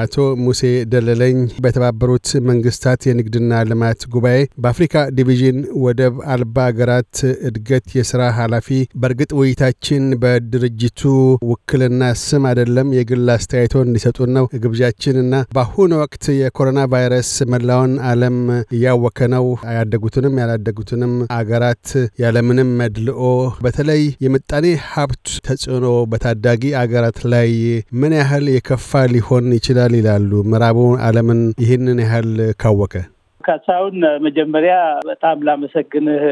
አቶ ሙሴ ደለለኝ በተባበሩት መንግስታት የንግድና ልማት ጉባኤ በአፍሪካ ዲቪዥን ወደብ አልባ አገራት እድገት የስራ ኃላፊ። በእርግጥ ውይይታችን በድርጅቱ ውክልና ስም አይደለም፣ የግል አስተያየቶ እንዲሰጡን ነው ግብዣችንና በአሁኑ ወቅት የኮሮና ቫይረስ መላውን ዓለም እያወከ ነው። ያደጉትንም ያላደጉትንም አገራት ያለምንም መድልኦ በተለይ የምጣኔ ሀብት ተጽዕኖ በታዳጊ አገራት ላይ ምን ያህል የከፋ ሊሆን ይችላል ይወስዳል ይላሉ። ምዕራቡ ዓለምን ይህንን ያህል ካወቀ ካሳሁን መጀመሪያ በጣም ላመሰግንህ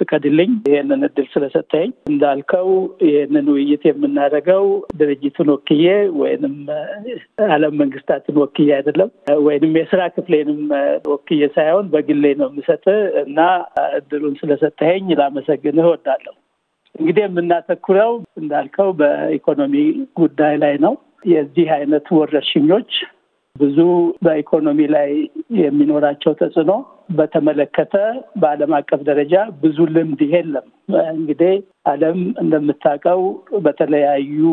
ፍቀድልኝ፣ ይሄንን እድል ስለሰጠኝ። እንዳልከው ይህንን ውይይት የምናደርገው ድርጅቱን ወክዬ ወይንም ዓለም መንግስታትን ወክዬ አይደለም፣ ወይንም የስራ ክፍሌንም ወክዬ ሳይሆን በግሌ ነው የምሰጥህ እና እድሉን ስለሰጠኝ ላመሰግንህ እወዳለሁ። እንግዲህ የምናተኩረው እንዳልከው በኢኮኖሚ ጉዳይ ላይ ነው። የዚህ አይነት ወረርሽኞች ብዙ በኢኮኖሚ ላይ የሚኖራቸው ተጽዕኖ በተመለከተ በዓለም አቀፍ ደረጃ ብዙ ልምድ የለም። እንግዲህ ዓለም እንደምታውቀው በተለያዩ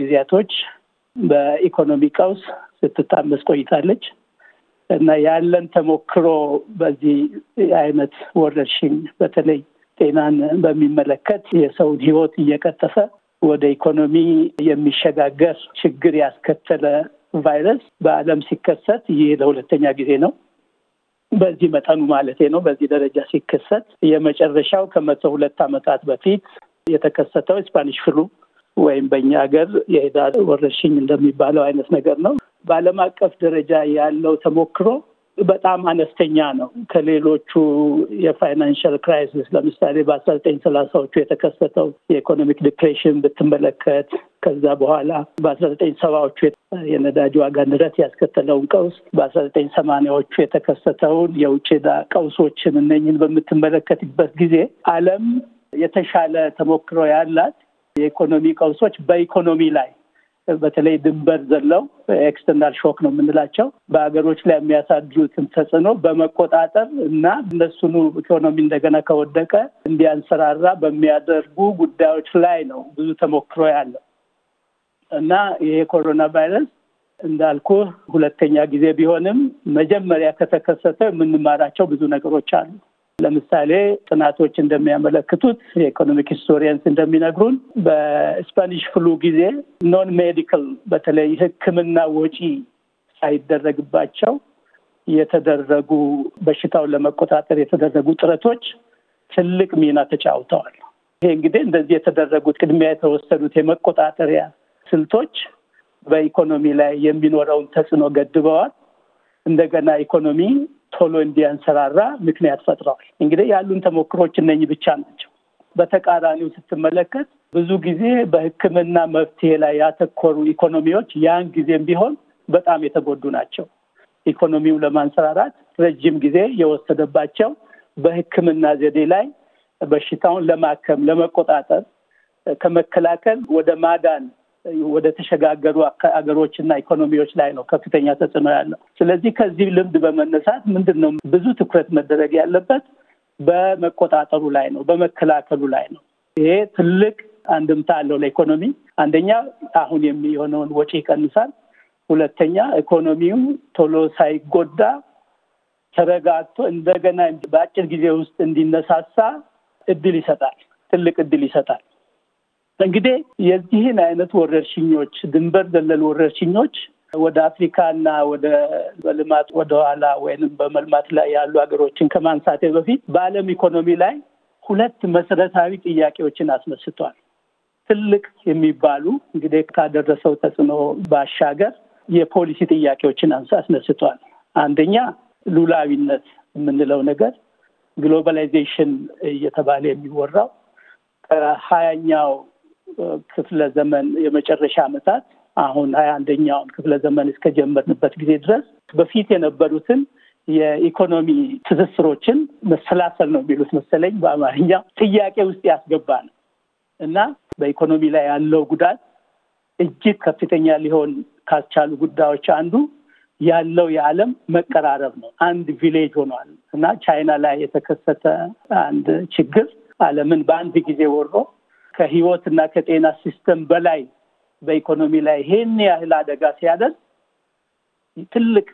ጊዜያቶች በኢኮኖሚ ቀውስ ስትታመስ ቆይታለች እና ያለን ተሞክሮ በዚህ አይነት ወረርሽኝ በተለይ ጤናን በሚመለከት የሰውን ሕይወት እየቀጠፈ ወደ ኢኮኖሚ የሚሸጋገር ችግር ያስከተለ ቫይረስ በዓለም ሲከሰት ይህ ለሁለተኛ ጊዜ ነው። በዚህ መጠኑ ማለት ነው። በዚህ ደረጃ ሲከሰት የመጨረሻው ከመቶ ሁለት ዓመታት በፊት የተከሰተው ስፓኒሽ ፍሉ ወይም በእኛ ሀገር የሄዳ ወረርሽኝ እንደሚባለው አይነት ነገር ነው። በዓለም አቀፍ ደረጃ ያለው ተሞክሮ በጣም አነስተኛ ነው። ከሌሎቹ የፋይናንሽል ክራይሲስ ለምሳሌ በአስራ ዘጠኝ ሰላሳዎቹ የተከሰተው የኢኮኖሚክ ዲፕሬሽን ብትመለከት ከዛ በኋላ በአስራ ዘጠኝ ሰባዎቹ የነዳጅ ዋጋ ንረት ያስከተለውን ቀውስ በአስራ ዘጠኝ ሰማንያዎቹ የተከሰተውን የውጭ ዕዳ ቀውሶችን እነኝን በምትመለከትበት ጊዜ ዓለም የተሻለ ተሞክሮ ያላት የኢኮኖሚ ቀውሶች በኢኮኖሚ ላይ በተለይ ድንበር ዘለው ኤክስተርናል ሾክ ነው የምንላቸው በሀገሮች ላይ የሚያሳድሩትን ተጽዕኖ በመቆጣጠር እና እነሱኑ ኢኮኖሚ እንደገና ከወደቀ እንዲያንሰራራ በሚያደርጉ ጉዳዮች ላይ ነው ብዙ ተሞክሮ ያለው እና ይሄ ኮሮና ቫይረስ እንዳልኩ ሁለተኛ ጊዜ ቢሆንም መጀመሪያ ከተከሰተ የምንማራቸው ብዙ ነገሮች አሉ። ለምሳሌ ጥናቶች እንደሚያመለክቱት የኢኮኖሚክ ሂስቶሪያንስ እንደሚነግሩን በስፓኒሽ ፍሉ ጊዜ ኖን ሜዲካል በተለይ ሕክምና ወጪ ሳይደረግባቸው የተደረጉ በሽታውን ለመቆጣጠር የተደረጉ ጥረቶች ትልቅ ሚና ተጫውተዋል። ይሄ እንግዲህ እንደዚህ የተደረጉት ቅድሚያ የተወሰዱት የመቆጣጠሪያ ስልቶች በኢኮኖሚ ላይ የሚኖረውን ተጽዕኖ ገድበዋል። እንደገና ኢኮኖሚ ቶሎ እንዲያንሰራራ ምክንያት ፈጥረዋል። እንግዲህ ያሉን ተሞክሮች እነኝ ብቻ ናቸው። በተቃራኒው ስትመለከት ብዙ ጊዜ በሕክምና መፍትሄ ላይ ያተኮሩ ኢኮኖሚዎች ያን ጊዜም ቢሆን በጣም የተጎዱ ናቸው። ኢኮኖሚው ለማንሰራራት ረጅም ጊዜ የወሰደባቸው በሕክምና ዘዴ ላይ በሽታውን ለማከም ለመቆጣጠር ከመከላከል ወደ ማዳን ወደ ተሸጋገሩ አገሮችና ኢኮኖሚዎች ላይ ነው ከፍተኛ ተጽዕኖ ያለው። ስለዚህ ከዚህ ልምድ በመነሳት ምንድን ነው ብዙ ትኩረት መደረግ ያለበት በመቆጣጠሩ ላይ ነው፣ በመከላከሉ ላይ ነው። ይሄ ትልቅ አንድምታ አለው ለኢኮኖሚ። አንደኛ አሁን የሚሆነውን ወጪ ይቀንሳል። ሁለተኛ ኢኮኖሚው ቶሎ ሳይጎዳ ተረጋግቶ እንደገና በአጭር ጊዜ ውስጥ እንዲነሳሳ እድል ይሰጣል። ትልቅ እድል ይሰጣል። እንግዲህ የዚህን አይነት ወረርሽኞች ድንበር ዘለል ወረርሽኞች ወደ አፍሪካና ወደ በልማት ወደኋላ ወይንም በመልማት ላይ ያሉ ሀገሮችን ከማንሳቴ በፊት በዓለም ኢኮኖሚ ላይ ሁለት መሰረታዊ ጥያቄዎችን አስነስቷል። ትልቅ የሚባሉ እንግዲህ ካደረሰው ተጽዕኖ ባሻገር የፖሊሲ ጥያቄዎችን አስነስቷል። አንደኛ ሉላዊነት የምንለው ነገር ግሎባላይዜሽን እየተባለ የሚወራው ከሀያኛው ክፍለ ዘመን የመጨረሻ ዓመታት አሁን ሀያ አንደኛውን ክፍለ ዘመን እስከጀመርንበት ጊዜ ድረስ በፊት የነበሩትን የኢኮኖሚ ትስስሮችን መሰላሰል ነው የሚሉት መሰለኝ በአማርኛ ጥያቄ ውስጥ ያስገባ ነው እና በኢኮኖሚ ላይ ያለው ጉዳት እጅግ ከፍተኛ ሊሆን ካልቻሉ ጉዳዮች አንዱ ያለው የዓለም መቀራረብ ነው። አንድ ቪሌጅ ሆኗል እና ቻይና ላይ የተከሰተ አንድ ችግር አለምን በአንድ ጊዜ ወሮ ከህይወት እና ከጤና ሲስተም በላይ በኢኮኖሚ ላይ ይሄን ያህል አደጋ ሲያደርስ ትልቅ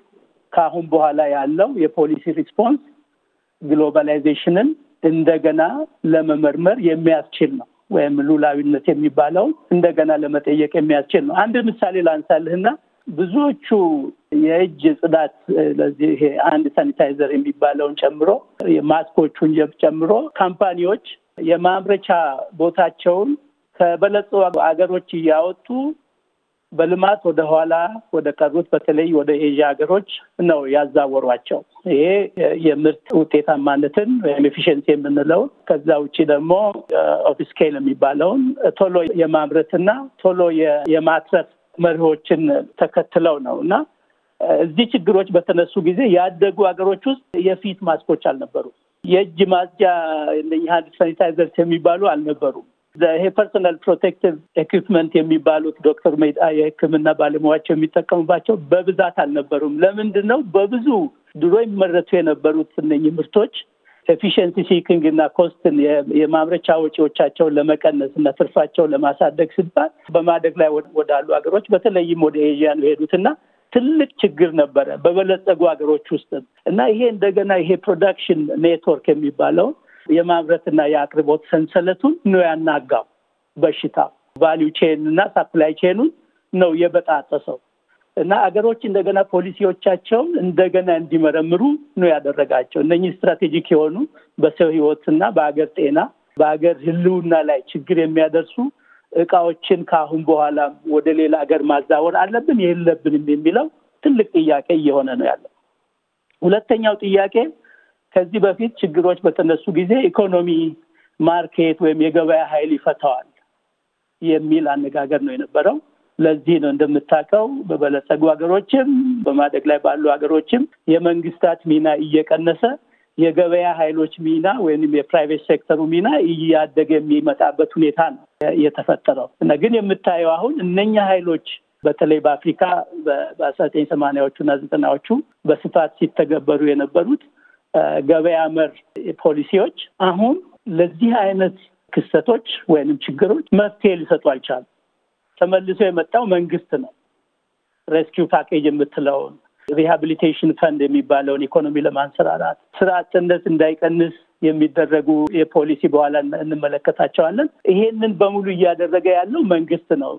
ከአሁን በኋላ ያለው የፖሊሲ ሪስፖንስ ግሎባላይዜሽንን እንደገና ለመመርመር የሚያስችል ነው፣ ወይም ሉላዊነት የሚባለው እንደገና ለመጠየቅ የሚያስችል ነው። አንድ ምሳሌ ላንሳልህና ብዙዎቹ የእጅ ጽዳት ለዚህ አንድ ሳኒታይዘር የሚባለውን ጨምሮ ማስኮቹን ጨምሮ ካምፓኒዎች የማምረቻ ቦታቸውን ከበለጸጉ ሀገሮች እያወጡ በልማት ወደ ኋላ ወደ ቀሩት በተለይ ወደ ኤዥያ ሀገሮች ነው ያዛወሯቸው። ይሄ የምርት ውጤታማነትን ወይም ኤፊሽንሲ የምንለው ከዛ ውጭ ደግሞ ኦፊስኬል uh, የሚባለውን ቶሎ የማምረትና ቶሎ የማትረፍ መርሆችን ተከትለው ነው እና uh, እዚህ ችግሮች በተነሱ ጊዜ ያደጉ ሀገሮች ውስጥ የፊት ማስኮች አልነበሩም። የእጅ ማጽጃ ሀንድ ሳኒታይዘርስ የሚባሉ አልነበሩም። ይሄ ፐርሶናል ፕሮቴክቲቭ ኤኩፕመንት የሚባሉት ዶክተር ሜዳ የሕክምና ባለሙያቸው የሚጠቀሙባቸው በብዛት አልነበሩም። ለምንድን ነው? በብዙ ድሮ የሚመረቱ የነበሩት እነህ ምርቶች ኤፊሽንሲ ሲኪንግ እና ኮስትን የማምረቻ ወጪዎቻቸውን ለመቀነስ እና ትርፋቸውን ለማሳደግ ሲባል በማደግ ላይ ወዳሉ ሀገሮች በተለይም ወደ ኤዥያ ነው የሄዱት እና ትልቅ ችግር ነበረ በበለጸጉ ሀገሮች ውስጥ እና ይሄ እንደገና ይሄ ፕሮዳክሽን ኔትወርክ የሚባለውን የማምረትና የአቅርቦት ሰንሰለቱን ነው ያናጋው በሽታ ቫሊዩ ቼን እና ሳፕላይ ቼኑን ነው የበጣጠሰው እና አገሮች እንደገና ፖሊሲዎቻቸውን እንደገና እንዲመረምሩ ነው ያደረጋቸው። እነኚህ ስትራቴጂክ የሆኑ በሰው ህይወትና በሀገር ጤና በሀገር ህልውና ላይ ችግር የሚያደርሱ እቃዎችን ከአሁን በኋላ ወደ ሌላ ሀገር ማዛወር አለብን የለብንም የሚለው ትልቅ ጥያቄ እየሆነ ነው ያለው። ሁለተኛው ጥያቄ ከዚህ በፊት ችግሮች በተነሱ ጊዜ ኢኮኖሚ ማርኬት ወይም የገበያ ኃይል ይፈታዋል የሚል አነጋገር ነው የነበረው። ለዚህ ነው እንደምታውቀው በበለጸጉ ሀገሮችም በማደግ ላይ ባሉ ሀገሮችም የመንግስታት ሚና እየቀነሰ የገበያ ኃይሎች ሚና ወይም የፕራይቬት ሴክተሩ ሚና እያደገ የሚመጣበት ሁኔታ ነው የተፈጠረው እና ግን የምታየው አሁን እነኛ ኃይሎች በተለይ በአፍሪካ በአስራ ዘጠኝ ሰማንያዎቹ እና ዘጠናዎቹ በስፋት ሲተገበሩ የነበሩት ገበያ መር ፖሊሲዎች አሁን ለዚህ አይነት ክስተቶች ወይንም ችግሮች መፍትሄ ሊሰጡ አልቻሉ። ተመልሶ የመጣው መንግስት ነው። ሬስኪው ፓኬጅ የምትለውን ሪሃቢሊቴሽን ፈንድ የሚባለውን ኢኮኖሚ ለማንሰራራት ስራ አጥነት እንዳይቀንስ የሚደረጉ የፖሊሲ በኋላ እንመለከታቸዋለን። ይሄንን በሙሉ እያደረገ ያለው መንግስት ነው።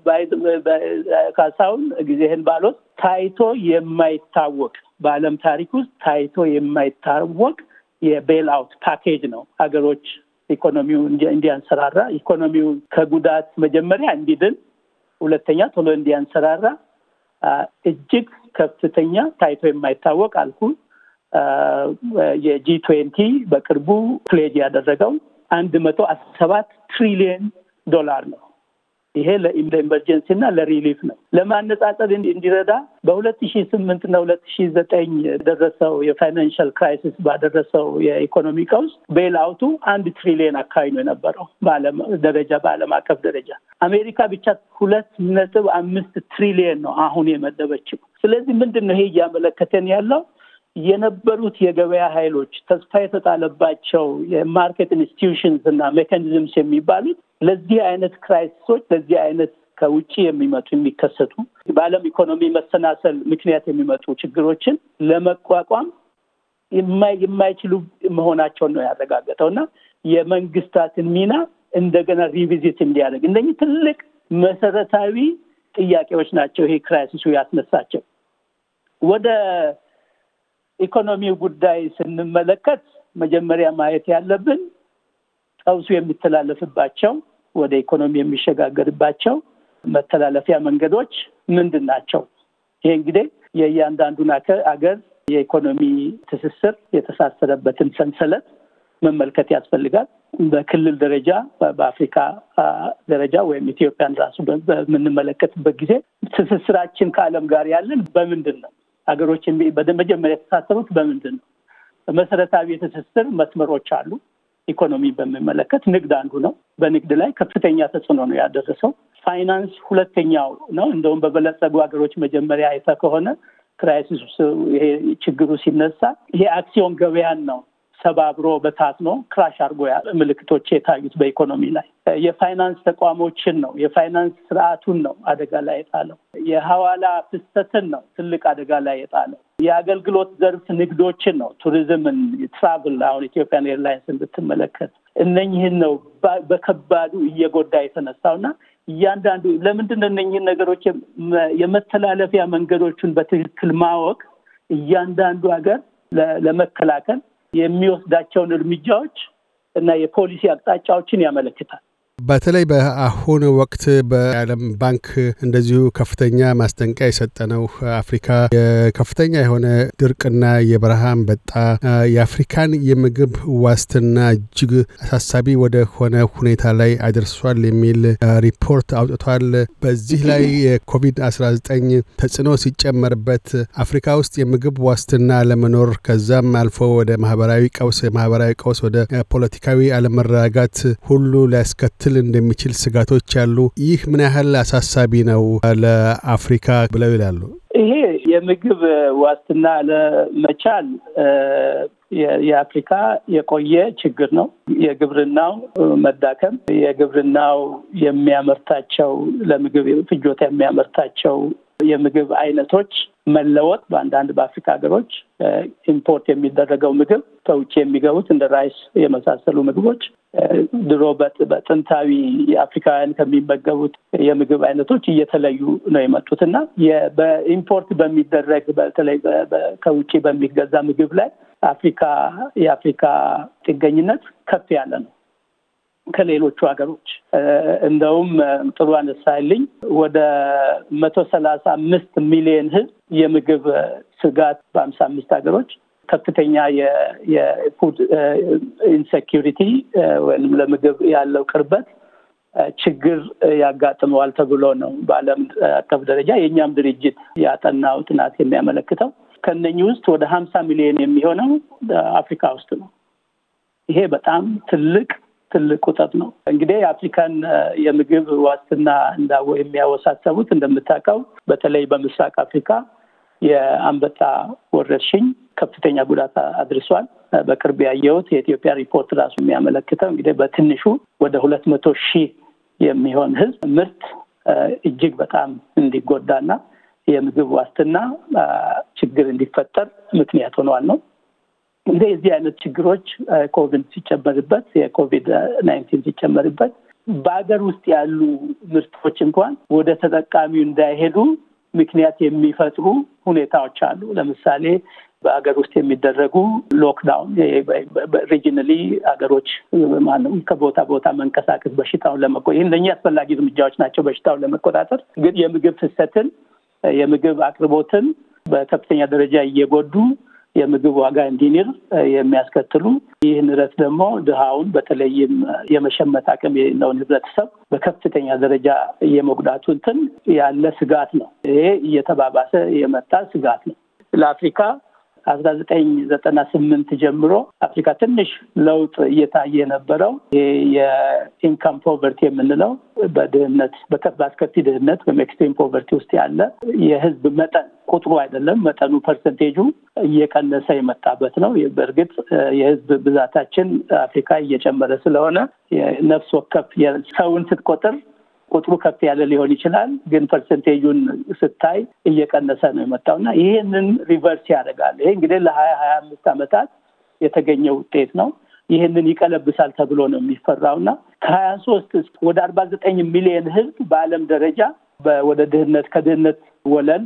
ካሳሁን ጊዜህን ባሎት ታይቶ የማይታወቅ በዓለም ታሪክ ውስጥ ታይቶ የማይታወቅ የቤል አውት ፓኬጅ ነው ሀገሮች ኢኮኖሚው እንዲያንሰራራ ኢኮኖሚው ከጉዳት መጀመሪያ እንዲድን፣ ሁለተኛ ቶሎ እንዲያንሰራራ እጅግ ከፍተኛ ታይቶ የማይታወቅ አልኩ የጂ ትዌንቲ በቅርቡ ፕሌጅ ያደረገው አንድ መቶ አስራ ሰባት ትሪሊየን ዶላር ነው። ይሄ ለኢመርጀንሲ እና ለሪሊፍ ነው። ለማነጻጸር እንዲረዳ በሁለት ሺ ስምንት እና ሁለት ሺ ዘጠኝ ደረሰው የፋይናንሻል ክራይሲስ ባደረሰው የኢኮኖሚ ቀውስ ቤልአውቱ አንድ ትሪሊየን አካባቢ ነው የነበረው በዓለም ደረጃ በዓለም አቀፍ ደረጃ አሜሪካ ብቻ ሁለት ነጥብ አምስት ትሪሊየን ነው አሁን የመደበችው። ስለዚህ ምንድን ነው ይሄ እያመለከተን ያለው የነበሩት የገበያ ኃይሎች ተስፋ የተጣለባቸው የማርኬት ኢንስቲትዩሽንስ እና ሜካኒዝምስ የሚባሉት ለዚህ አይነት ክራይሲሶች ለዚህ አይነት ከውጭ የሚመጡ የሚከሰቱ በዓለም ኢኮኖሚ መሰናሰል ምክንያት የሚመጡ ችግሮችን ለመቋቋም የማይችሉ መሆናቸውን ነው ያረጋገጠው እና የመንግስታትን ሚና እንደገና ሪቪዚት እንዲያደርግ እንደኝ ትልቅ መሰረታዊ ጥያቄዎች ናቸው። ይሄ ክራይሲሱ ያስነሳቸው። ወደ ኢኮኖሚው ጉዳይ ስንመለከት መጀመሪያ ማየት ያለብን ጠውሱ የሚተላለፍባቸው ወደ ኢኮኖሚ የሚሸጋገርባቸው መተላለፊያ መንገዶች ምንድን ናቸው? ይሄ እንግዲህ የእያንዳንዱን አገር የኢኮኖሚ ትስስር የተሳሰረበትን ሰንሰለት መመልከት ያስፈልጋል። በክልል ደረጃ በአፍሪካ ደረጃ ወይም ኢትዮጵያን ራሱ በምንመለከትበት ጊዜ ትስስራችን ከዓለም ጋር ያለን በምንድን ነው? ሀገሮች መጀመሪያ የተሳሰሩት በምንድን ነው? መሰረታዊ የትስስር መስመሮች አሉ። ኢኮኖሚ በሚመለከት ንግድ አንዱ ነው። በንግድ ላይ ከፍተኛ ተጽዕኖ ነው ያደረሰው። ፋይናንስ ሁለተኛው ነው። እንደውም በበለጸጉ ሀገሮች መጀመሪያ አይተህ ከሆነ ክራይሲስ ይሄ ችግሩ ሲነሳ ይሄ አክሲዮን ገበያን ነው ሰባብሮ በታትኖ ክራሽ አድርጎ ምልክቶች የታዩት በኢኮኖሚ ላይ የፋይናንስ ተቋሞችን ነው፣ የፋይናንስ ስርዓቱን ነው አደጋ ላይ የጣለው። የሀዋላ ፍሰትን ነው ትልቅ አደጋ ላይ የጣለው። የአገልግሎት ዘርፍ ንግዶችን ነው፣ ቱሪዝምን፣ ትራቭል አሁን ኢትዮጵያን ኤርላይንስን ብትመለከት እነኝህን ነው በከባዱ እየጎዳ የተነሳው እና እያንዳንዱ ለምንድን እነኝህን ነገሮች የመተላለፊያ መንገዶቹን በትክክል ማወቅ እያንዳንዱ ሀገር ለመከላከል የሚወስዳቸውን እርምጃዎች እና የፖሊሲ አቅጣጫዎችን ያመለክታል። በተለይ በአሁን ወቅት በዓለም ባንክ እንደዚሁ ከፍተኛ ማስጠንቀቂያ የሰጠ ነው። አፍሪካ የከፍተኛ የሆነ ድርቅና የበረሃ አንበጣ የአፍሪካን የምግብ ዋስትና እጅግ አሳሳቢ ወደ ሆነ ሁኔታ ላይ አድርሷል የሚል ሪፖርት አውጥቷል። በዚህ ላይ የኮቪድ-19 ተጽዕኖ ሲጨመርበት አፍሪካ ውስጥ የምግብ ዋስትና አለመኖር ከዛም አልፎ ወደ ማህበራዊ ቀውስ ማህበራዊ ቀውስ ወደ ፖለቲካዊ አለመረጋጋት ሁሉ ሊያስከትል እንደሚችል ስጋቶች አሉ። ይህ ምን ያህል አሳሳቢ ነው ለአፍሪካ ብለው ይላሉ? ይሄ የምግብ ዋስትና ለመቻል የአፍሪካ የቆየ ችግር ነው። የግብርናው መዳከም፣ የግብርናው የሚያመርታቸው ለምግብ ፍጆታ የሚያመርታቸው የምግብ አይነቶች መለወጥ በአንዳንድ በአፍሪካ ሀገሮች ኢምፖርት የሚደረገው ምግብ ከውጭ የሚገቡት እንደ ራይስ የመሳሰሉ ምግቦች ድሮ በጥንታዊ አፍሪካውያን ከሚመገቡት የምግብ አይነቶች እየተለዩ ነው የመጡት እና በኢምፖርት በሚደረግ በተለይ ከውጭ በሚገዛ ምግብ ላይ አፍሪካ የአፍሪካ ጥገኝነት ከፍ ያለ ነው ከሌሎቹ ሀገሮች እንደውም ጥሩ አነሳልኝ ወደ መቶ ሰላሳ አምስት ሚሊዮን ህዝብ የምግብ ስጋት በአምሳ አምስት ሀገሮች ከፍተኛ የፉድ ኢንሴኪሪቲ ወይም ለምግብ ያለው ቅርበት ችግር ያጋጥመዋል ተብሎ ነው በአለም አቀፍ ደረጃ የእኛም ድርጅት ያጠናው ጥናት የሚያመለክተው። ከነኚህ ውስጥ ወደ ሀምሳ ሚሊዮን የሚሆነው አፍሪካ ውስጥ ነው። ይሄ በጣም ትልቅ ትልቅ ቁጥር ነው። እንግዲህ የአፍሪካን የምግብ ዋስትና እንዳ የሚያወሳሰቡት እንደምታውቀው በተለይ በምስራቅ አፍሪካ የአንበጣ ወረርሽኝ ከፍተኛ ጉዳት አድርሷል። በቅርብ ያየሁት የኢትዮጵያ ሪፖርት ራሱ የሚያመለክተው እንግዲህ በትንሹ ወደ ሁለት መቶ ሺህ የሚሆን ህዝብ ምርት እጅግ በጣም እንዲጎዳና የምግብ ዋስትና ችግር እንዲፈጠር ምክንያት ሆኗል ነው። እንግዲህ የዚህ አይነት ችግሮች ኮቪድ ሲጨመርበት የኮቪድ ናይንቲን ሲጨመርበት በሀገር ውስጥ ያሉ ምርቶች እንኳን ወደ ተጠቃሚው እንዳይሄዱ ምክንያት የሚፈጥሩ ሁኔታዎች አሉ። ለምሳሌ በሀገር ውስጥ የሚደረጉ ሎክዳውን ሪጅናሊ ሀገሮች ማነው ከቦታ ቦታ መንቀሳቀስ በሽታውን ለመቆ እነኛ አስፈላጊ እርምጃዎች ናቸው። በሽታውን ለመቆጣጠር ግን የምግብ ፍሰትን የምግብ አቅርቦትን በከፍተኛ ደረጃ እየጎዱ የምግብ ዋጋ እንዲንር የሚያስከትሉ ይህ ንረት ደግሞ ድሃውን በተለይም የመሸመት አቅም የሌለውን ህብረተሰብ በከፍተኛ ደረጃ የመጉዳቱ እንትን ያለ ስጋት ነው። ይሄ እየተባባሰ የመጣ ስጋት ነው። ለአፍሪካ አስራ ዘጠኝ ዘጠና ስምንት ጀምሮ አፍሪካ ትንሽ ለውጥ እየታየ የነበረው ይሄ የኢንካም ፖቨርቲ የምንለው በድህነት በአስከፊ ድህነት ወይም ኤክስትሪም ፖቨርቲ ውስጥ ያለ የህዝብ መጠን ቁጥሩ አይደለም መጠኑ ፐርሰንቴጁ እየቀነሰ የመጣበት ነው። በእርግጥ የህዝብ ብዛታችን አፍሪካ እየጨመረ ስለሆነ ነፍስ ወከፍ ሰውን ስትቆጥር ቁጥሩ ከፍ ያለ ሊሆን ይችላል፣ ግን ፐርሰንቴጁን ስታይ እየቀነሰ ነው የመጣው እና ይህንን ሪቨርስ ያደርጋል። ይሄ እንግዲህ ለሀያ ሀያ አምስት ዓመታት የተገኘ ውጤት ነው። ይህንን ይቀለብሳል ተብሎ ነው የሚፈራው እና ከሀያ ሶስት ወደ አርባ ዘጠኝ ሚሊዮን ህዝብ በዓለም ደረጃ ወደ ድህነት ከድህነት ወለል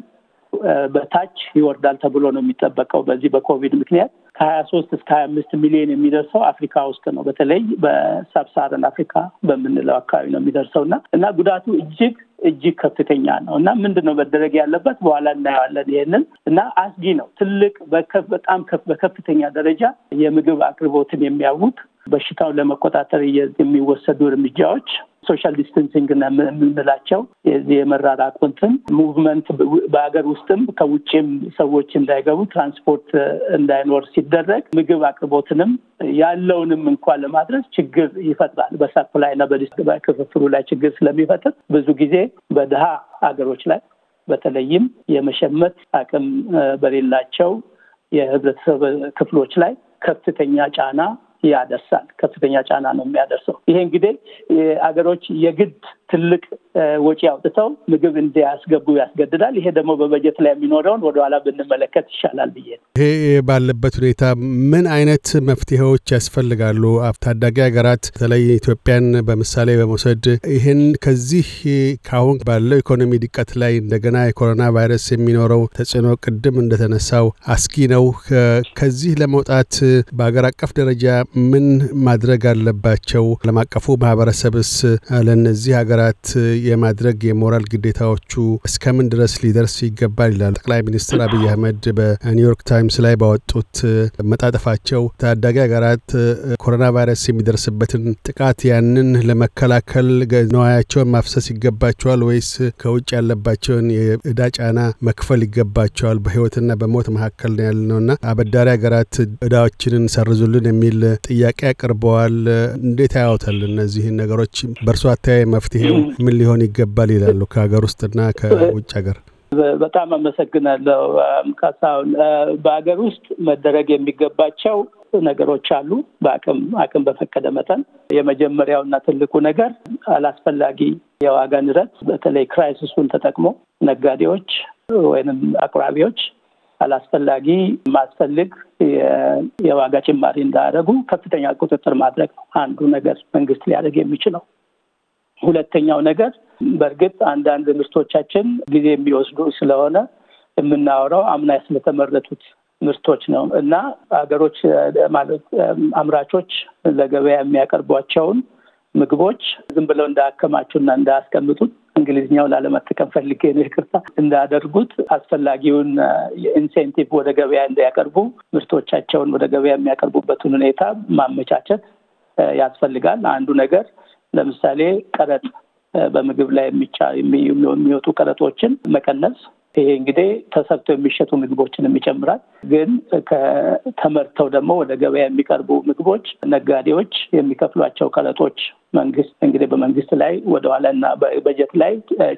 በታች ይወርዳል ተብሎ ነው የሚጠበቀው። በዚህ በኮቪድ ምክንያት ከሀያ ሶስት እስከ ሀያ አምስት ሚሊዮን የሚደርሰው አፍሪካ ውስጥ ነው። በተለይ በሳብሳረን አፍሪካ በምንለው አካባቢ ነው የሚደርሰው እና እና ጉዳቱ እጅግ እጅግ ከፍተኛ ነው እና ምንድን ነው መደረግ ያለበት በኋላ እናየዋለን። ይህንን እና አስጊ ነው። ትልቅ በጣም በከፍተኛ ደረጃ የምግብ አቅርቦትን የሚያውት በሽታውን ለመቆጣጠር የሚወሰዱ እርምጃዎች ሶሻል ዲስተንሲንግ እና የምንላቸው የዚህ የመራራቅ እንትን ሙቭመንት በሀገር ውስጥም ከውጭም ሰዎች እንዳይገቡ ትራንስፖርት እንዳይኖር ሲደረግ ምግብ አቅርቦትንም ያለውንም እንኳን ለማድረስ ችግር ይፈጥራል። ላይ እና በክፍፍሉ ላይ ችግር ስለሚፈጥር ብዙ ጊዜ በድሃ ሀገሮች ላይ በተለይም የመሸመት አቅም በሌላቸው የህብረተሰብ ክፍሎች ላይ ከፍተኛ ጫና ያደርሳል። ከፍተኛ ጫና ነው የሚያደርሰው። ይሄ እንግዲህ አገሮች የግድ ትልቅ ወጪ አውጥተው ምግብ እንዲያስገቡ ያስገድዳል። ይሄ ደግሞ በበጀት ላይ የሚኖረውን ወደኋላ ብንመለከት ይሻላል ብዬ ነው። ይሄ ባለበት ሁኔታ ምን አይነት መፍትሄዎች ያስፈልጋሉ? ታዳጊ ሀገራት በተለይ ኢትዮጵያን በምሳሌ በመውሰድ ይህን ከዚህ ከአሁን ባለው ኢኮኖሚ ድቀት ላይ እንደገና የኮሮና ቫይረስ የሚኖረው ተጽዕኖ ቅድም እንደተነሳው አስጊ ነው። ከዚህ ለመውጣት በሀገር አቀፍ ደረጃ ምን ማድረግ አለባቸው? ዓለም አቀፉ ማህበረሰብስ ለእነዚህ ሀገራት የማድረግ የሞራል ግዴታዎቹ እስከምን ድረስ ሊደርስ ይገባል ይላል። ጠቅላይ ሚኒስትር አብይ አህመድ በኒውዮርክ ታይምስ ላይ ባወጡት መጣጠፋቸው ታዳጊ ሀገራት ኮሮና ቫይረስ የሚደርስበትን ጥቃት ያንን ለመከላከል ነዋያቸውን ማፍሰስ ይገባቸዋል ወይስ ከውጭ ያለባቸውን የእዳ ጫና መክፈል ይገባቸዋል? በህይወትና በሞት መካከል ነው ያለነውና አበዳሪ ሀገራት እዳዎችንን ሰርዙልን የሚል ጥያቄ አቅርበዋል። እንዴት ያዩታል? እነዚህን ነገሮች በእርሶ አተያይ መፍትሄው ምን ሊሆን ሊሆን ይገባል ይላሉ ከሀገር ውስጥና ከውጭ ሀገር? በጣም አመሰግናለሁ ካሳሁን። በሀገር ውስጥ መደረግ የሚገባቸው ነገሮች አሉ። በአቅም አቅም በፈቀደ መጠን የመጀመሪያውና ትልቁ ነገር አላስፈላጊ የዋጋ ንረት በተለይ ክራይሲሱን ተጠቅሞ ነጋዴዎች ወይንም አቅራቢዎች አላስፈላጊ ማስፈልግ የዋጋ ጭማሪ እንዳያደረጉ ከፍተኛ ቁጥጥር ማድረግ አንዱ ነገር መንግስት ሊያደርግ የሚችለው። ሁለተኛው ነገር በእርግጥ አንዳንድ ምርቶቻችን ጊዜ የሚወስዱ ስለሆነ የምናወራው አምና ስለተመረቱት ምርቶች ነው እና ሀገሮች ማለት አምራቾች ለገበያ የሚያቀርቧቸውን ምግቦች ዝም ብለው እንዳያከማቹና እንዳያስቀምጡት እንግሊዝኛው ላለመጠቀም ፈልጌ ነው፣ ይቅርታ እንዳያደርጉት አስፈላጊውን ኢንሴንቲቭ ወደ ገበያ እንዳያቀርቡ ምርቶቻቸውን ወደ ገበያ የሚያቀርቡበትን ሁኔታ ማመቻቸት ያስፈልጋል። አንዱ ነገር ለምሳሌ ቀረጥ በምግብ ላይ የሚጫ የሚወጡ ቀረጦችን መቀነስ። ይሄ እንግዲህ ተሰርቶ የሚሸጡ ምግቦችንም ይጨምራል። ግን ከተመርተው ደግሞ ወደ ገበያ የሚቀርቡ ምግቦች ነጋዴዎች የሚከፍሏቸው ቀረጦች መንግስት እንግዲህ በመንግስት ላይ ወደኋላ እና በጀት ላይ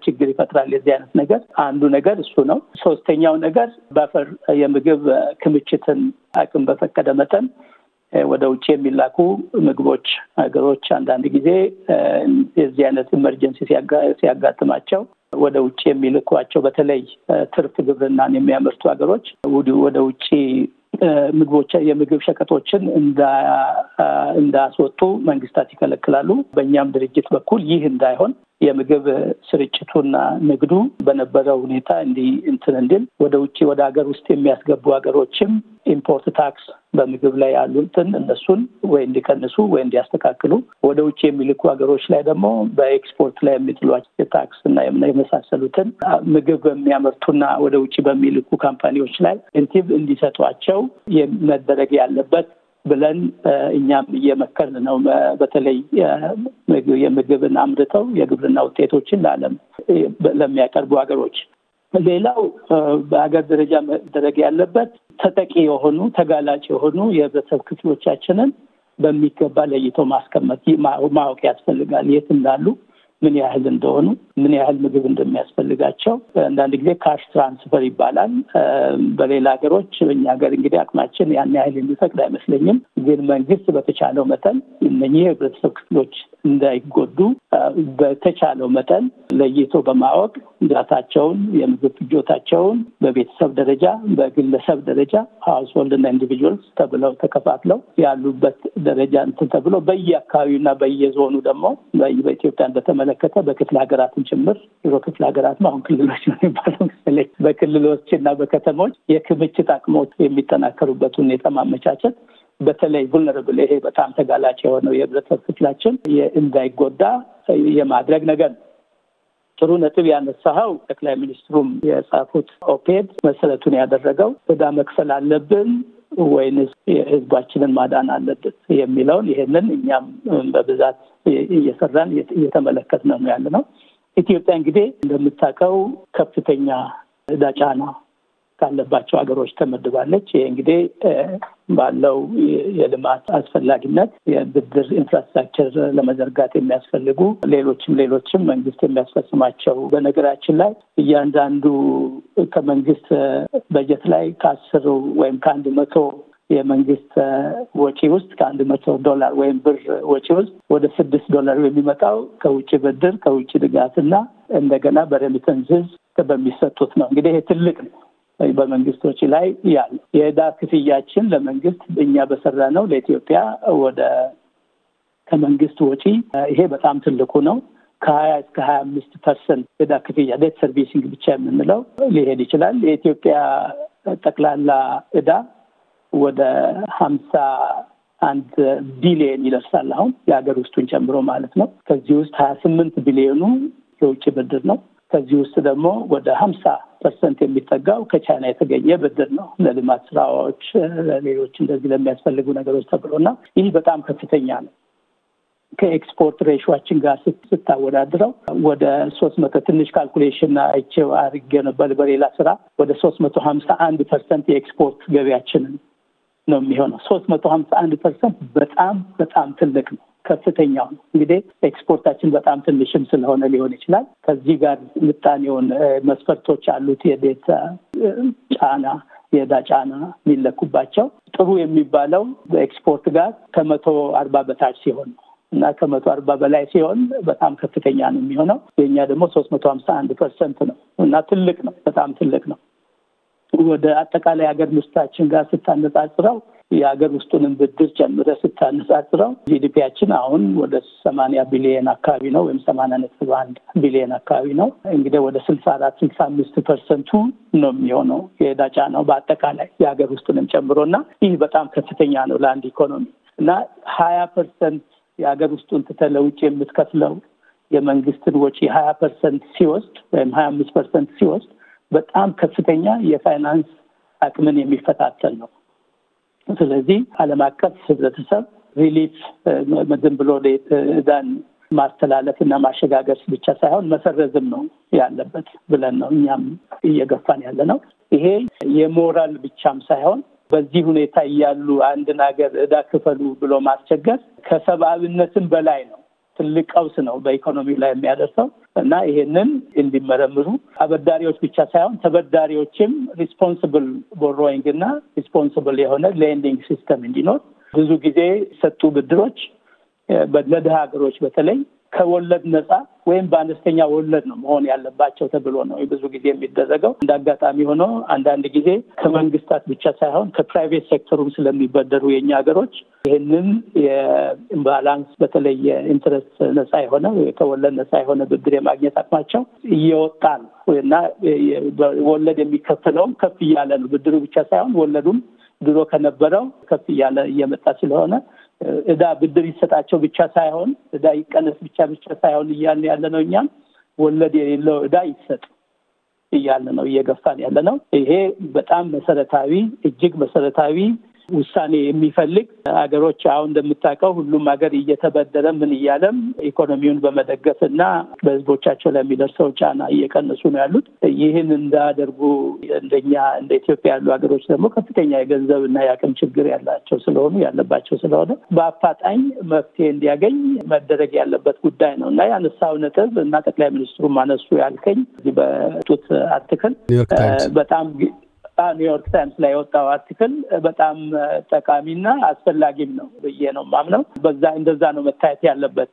ችግር ይፈጥራል። የዚህ አይነት ነገር አንዱ ነገር እሱ ነው። ሶስተኛው ነገር በፈር የምግብ ክምችትን አቅም በፈቀደ መጠን ወደ ውጭ የሚላኩ ምግቦች ሀገሮች አንዳንድ ጊዜ የዚህ አይነት ኢመርጀንሲ ሲያጋጥማቸው ወደ ውጭ የሚልኳቸው በተለይ ትርፍ ግብርናን የሚያመርቱ ሀገሮች ወደ ውጭ ምግቦች የምግብ ሸቀጦችን እንዳስወጡ መንግስታት ይከለክላሉ። በእኛም ድርጅት በኩል ይህ እንዳይሆን የምግብ ስርጭቱና ንግዱ በነበረው ሁኔታ እንዲህ እንትን እንድል ወደ ውጭ ወደ ሀገር ውስጥ የሚያስገቡ ሀገሮችም ኢምፖርት ታክስ በምግብ ላይ ያሉትን እነሱን ወይ እንዲቀንሱ ወይ እንዲያስተካክሉ፣ ወደ ውጭ የሚልኩ ሀገሮች ላይ ደግሞ በኤክስፖርት ላይ የሚጥሏቸው የታክስ እና የመሳሰሉትን ምግብ በሚያመርቱና ወደ ውጭ በሚልኩ ካምፓኒዎች ላይ ኢንቲቭ እንዲሰጧቸው መደረግ ያለበት ብለን እኛም እየመከርን ነው። በተለይ የምግብን አምርተው የግብርና ውጤቶችን ለዓለም ለሚያቀርቡ ሀገሮች። ሌላው በሀገር ደረጃ መደረግ ያለበት ተጠቂ የሆኑ ተጋላጭ የሆኑ የህብረተሰብ ክፍሎቻችንን በሚገባ ለይቶ ማስቀመጥ ማወቅ ያስፈልጋል። የት እንዳሉ ምን ያህል እንደሆኑ፣ ምን ያህል ምግብ እንደሚያስፈልጋቸው አንዳንድ ጊዜ ካሽ ትራንስፈር ይባላል። በሌላ ሀገሮች፣ በእኛ ሀገር እንግዲህ አቅማችን ያን ያህል የሚፈቅድ አይመስለኝም። ግን መንግስት በተቻለው መጠን እነኚህ የህብረተሰብ ክፍሎች እንዳይጎዱ በተቻለው መጠን ለይቶ በማወቅ ጉዳታቸውን፣ የምግብ ፍጆታቸውን በቤተሰብ ደረጃ፣ በግለሰብ ደረጃ ሀውስሆልድ እና ኢንዲቪጁዋልስ ተብለው ተከፋፍለው ያሉበት ደረጃ እንትን ተብሎ በየአካባቢው በየአካባቢውና በየዞኑ ደግሞ በኢትዮጵያ እንደተመለከተ በክፍለ ሀገራትን ጭምር ድሮ ክፍለ ሀገራት አሁን ክልሎች ነው የሚባለው መሰለኝ በክልሎች እና በከተሞች የክምችት አቅሞች የሚጠናከሩበት ሁኔታ ማመቻቸት በተለይ ቡልነረብል ይሄ በጣም ተጋላጭ የሆነው የህብረተሰብ ክፍላችን እንዳይጎዳ የማድረግ ነገር ነው። ጥሩ ነጥብ ያነሳኸው ጠቅላይ ሚኒስትሩም የጻፉት ኦፔድ መሰረቱን ያደረገው ዕዳ መክፈል አለብን ወይንስ የህዝባችንን ማዳን አለብን የሚለውን ይሄንን እኛም በብዛት እየሰራን እየተመለከት ነው ያለ ነው። ኢትዮጵያ እንግዲህ እንደምታውቀው ከፍተኛ ዕዳ ጫና ካለባቸው ሀገሮች ተመድባለች። ይህ እንግዲህ ባለው የልማት አስፈላጊነት የብድር ኢንፍራስትራክቸር ለመዘርጋት የሚያስፈልጉ ሌሎችም ሌሎችም መንግስት የሚያስፈጽማቸው በነገራችን ላይ እያንዳንዱ ከመንግስት በጀት ላይ ከአስሩ ወይም ከአንድ መቶ የመንግስት ወጪ ውስጥ ከአንድ መቶ ዶላር ወይም ብር ወጪ ውስጥ ወደ ስድስት ዶላር የሚመጣው ከውጭ ብድር ከውጭ ድጋፍና እንደገና በሬሚተንስ በሚሰጡት ነው። እንግዲህ ይሄ ትልቅ ነው። በመንግስቶች ላይ ያለ የዕዳ ክፍያችን ለመንግስት እኛ በሰራ ነው ለኢትዮጵያ ወደ ከመንግስት ወጪ ይሄ በጣም ትልቁ ነው። ከሀያ እስከ ሀያ አምስት ፐርሰንት ዕዳ ክፍያ ዴት ሰርቪሲንግ ብቻ የምንለው ሊሄድ ይችላል። የኢትዮጵያ ጠቅላላ ዕዳ ወደ ሀምሳ አንድ ቢሊየን ይደርሳል። አሁን የሀገር ውስጡን ጨምሮ ማለት ነው። ከዚህ ውስጥ ሀያ ስምንት ቢሊዮኑ የውጭ ብድር ነው። ከዚህ ውስጥ ደግሞ ወደ ሀምሳ ፐርሰንት የሚጠጋው ከቻይና የተገኘ ብድር ነው ለልማት ስራዎች፣ ለሌሎች እንደዚህ ለሚያስፈልጉ ነገሮች ተብሎ እና ይህ በጣም ከፍተኛ ነው። ከኤክስፖርት ሬሽዋችን ጋር ስታወዳድረው ወደ ሶስት መቶ ትንሽ ካልኩሌሽን አይቼው አድርጌ ነበር በሌላ ስራ ወደ ሶስት መቶ ሀምሳ አንድ ፐርሰንት የኤክስፖርት ገቢያችንን ነው የሚሆነው። ሶስት መቶ ሀምሳ አንድ ፐርሰንት በጣም በጣም ትልቅ ነው። ከፍተኛው ነው። እንግዲህ ኤክስፖርታችን በጣም ትንሽም ስለሆነ ሊሆን ይችላል። ከዚህ ጋር ምጣኔውን መስፈርቶች አሉት የቤት ጫና የዕዳ ጫና የሚለኩባቸው ጥሩ የሚባለው በኤክስፖርት ጋር ከመቶ አርባ በታች ሲሆን ነው እና ከመቶ አርባ በላይ ሲሆን በጣም ከፍተኛ ነው የሚሆነው። የእኛ ደግሞ ሶስት መቶ ሀምሳ አንድ ፐርሰንት ነው እና ትልቅ ነው፣ በጣም ትልቅ ነው። ወደ አጠቃላይ ሀገር ምስታችን ጋር ስታነጻጽረው የሀገር ውስጡንም ብድር ጨምረ ስታነጻጽረው ጂዲፒያችን አሁን ወደ ሰማንያ ቢሊየን አካባቢ ነው ወይም ሰማንያ ነጥብ አንድ ቢሊየን አካባቢ ነው። እንግዲህ ወደ ስልሳ አራት ስልሳ አምስት ፐርሰንቱ ነው የሚሆነው የዕዳ ጫናው በአጠቃላይ የሀገር ውስጡንም ጨምሮ እና ይህ በጣም ከፍተኛ ነው ለአንድ ኢኮኖሚ እና ሀያ ፐርሰንት የሀገር ውስጡን ትተህ ለውጭ የምትከፍለው የመንግስትን ወጪ ሀያ ፐርሰንት ሲወስድ ወይም ሀያ አምስት ፐርሰንት ሲወስድ በጣም ከፍተኛ የፋይናንስ አቅምን የሚፈታተል ነው። ስለዚህ ዓለም አቀፍ ህብረተሰብ ሪሊፍ ዝም ብሎ እዳን ማስተላለፍ እና ማሸጋገር ብቻ ሳይሆን መሰረዝም ነው ያለበት ብለን ነው እኛም እየገፋን ያለ ነው። ይሄ የሞራል ብቻም ሳይሆን በዚህ ሁኔታ እያሉ አንድን ሀገር እዳ ክፈሉ ብሎ ማስቸገር ከሰብአዊነትም በላይ ነው። ትልቅ ቀውስ ነው በኢኮኖሚ ላይ የሚያደርሰው እና ይሄንን እንዲመረምሩ አበዳሪዎች ብቻ ሳይሆን ተበዳሪዎችም ሪስፖንስብል ቦሮይንግ እና ሪስፖንስብል የሆነ ሌንዲንግ ሲስተም እንዲኖር ብዙ ጊዜ ሰጡ ብድሮች ለድሀ ሀገሮች በተለይ ከወለድ ነፃ ወይም በአነስተኛ ወለድ ነው መሆን ያለባቸው ተብሎ ነው ብዙ ጊዜ የሚደረገው። እንደ አጋጣሚ ሆኖ አንዳንድ ጊዜ ከመንግስታት ብቻ ሳይሆን ከፕራይቬት ሴክተሩም ስለሚበደሩ የኛ ሀገሮች ይህንን የባላንስ በተለይ ኢንትረስት ነፃ የሆነ ከወለድ ነፃ የሆነ ብድር የማግኘት አቅማቸው እየወጣ ነው እና ወለድ የሚከፍለውም ከፍ እያለ ነው። ብድሩ ብቻ ሳይሆን ወለዱም ድሮ ከነበረው ከፍ እያለ እየመጣ ስለሆነ እዳ ብድር ይሰጣቸው ብቻ ሳይሆን እዳ ይቀነስ ብቻ ብቻ ሳይሆን እያለ ያለ ነው። እኛም ወለድ የሌለው እዳ ይሰጥ እያለ ነው፣ እየገፋን ያለ ነው። ይሄ በጣም መሰረታዊ እጅግ መሰረታዊ ውሳኔ የሚፈልግ ሀገሮች አሁን እንደምታውቀው ሁሉም ሀገር እየተበደረ ምን እያለም ኢኮኖሚውን በመደገፍ እና በህዝቦቻቸው ለሚደርሰው ጫና እየቀነሱ ነው ያሉት። ይህን እንዳደርጉ እንደኛ እንደ ኢትዮጵያ ያሉ ሀገሮች ደግሞ ከፍተኛ የገንዘብ እና የአቅም ችግር ያላቸው ስለሆኑ ያለባቸው ስለሆነ በአፋጣኝ መፍትሄ እንዲያገኝ መደረግ ያለበት ጉዳይ ነው እና ያነሳው ነጥብ እና ጠቅላይ ሚኒስትሩ ማነሱ ያልከኝ በጡት አርትክል በጣም ኒውዮርክ ታይምስ ላይ የወጣው አርቲክል በጣም ጠቃሚና አስፈላጊም ነው ብዬ ነው ማምነው። በዛ እንደዛ ነው መታየት ያለበት።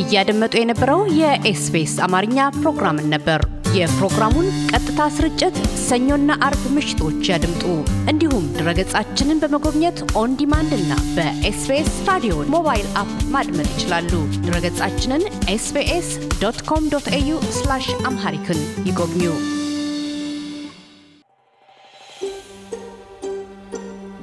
እያደመጡ የነበረው የኤስቢኤስ አማርኛ ፕሮግራምን ነበር። የፕሮግራሙን ቀጥታ ስርጭት ሰኞና አርብ ምሽቶች ያድምጡ። እንዲሁም ድረገጻችንን በመጎብኘት ኦን ዲማንድ እና በኤስቢኤስ ራዲዮ ሞባይል አፕ ማድመጥ ይችላሉ። ድረገጻችንን ኤስቢኤስ ዶት ኮም ዶት ኤዩ አምሃሪክን ይጎብኙ።